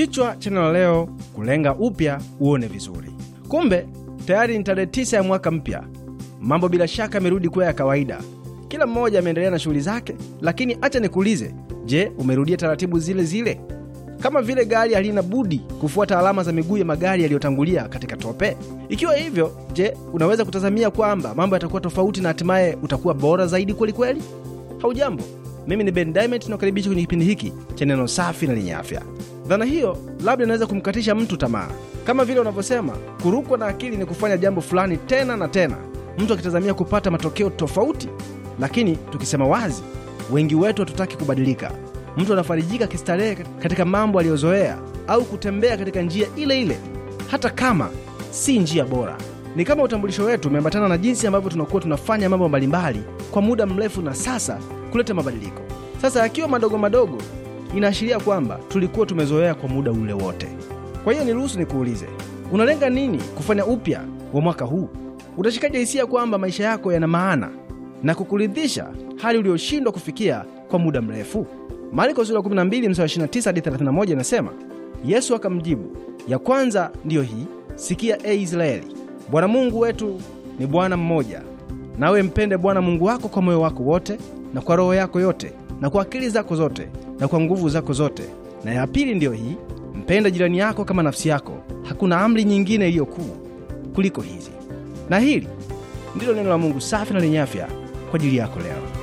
Kichwa cha neno leo, kulenga upya uone vizuri. Kumbe tayari ni tarehe tisa ya mwaka mpya. Mambo bila shaka yamerudi kuwa ya kawaida, kila mmoja ameendelea na shughuli zake. Lakini acha nikuulize, je, umerudia taratibu zile zile? Kama vile gari halina budi kufuata alama za miguu ya magari yaliyotangulia katika tope? Ikiwa hivyo, je, unaweza kutazamia kwamba mambo yatakuwa tofauti na hatimaye utakuwa bora zaidi kwelikweli? Haujambo, mimi ni Ben Diamond, nakukaribisha kwenye kipindi hiki cha neno safi na lenye afya. Dhana hiyo labda inaweza kumkatisha mtu tamaa, kama vile unavyosema kurukwa na akili ni kufanya jambo fulani tena na tena, mtu akitazamia kupata matokeo tofauti. Lakini tukisema wazi, wengi wetu hatutaki kubadilika. Mtu anafarijika kistarehe katika mambo aliyozoea au kutembea katika njia ile ile, hata kama si njia bora. Ni kama utambulisho wetu umeambatana na jinsi ambavyo tunakuwa tunafanya mambo mbalimbali kwa muda mrefu, na sasa kuleta mabadiliko sasa yakiwa madogo madogo inaashiria kwamba tulikuwa tumezoea kwa muda ule wote. Kwa hiyo niruhusu nikuulize, unalenga nini kufanya upya wa mwaka huu? Utashikaje hisia kwamba maisha yako yana maana na kukuridhisha hali uliyoshindwa kufikia kwa muda mrefu? Marko sura 12 mstari 29 hadi 31 inasema, Yesu akamjibu, ya kwanza ndiyo hii, sikia e Israeli, Bwana Mungu wetu ni Bwana mmoja, nawe mpende Bwana Mungu wako kwa moyo wako wote na kwa roho yako yote na kwa akili zako zote na kwa nguvu zako zote. Na ya pili ndiyo hii, mpenda jirani yako kama nafsi yako. Hakuna amri nyingine iliyo kuu kuliko hizi. Na hili ndilo neno la Mungu safi na lenye afya kwa ajili yako leo.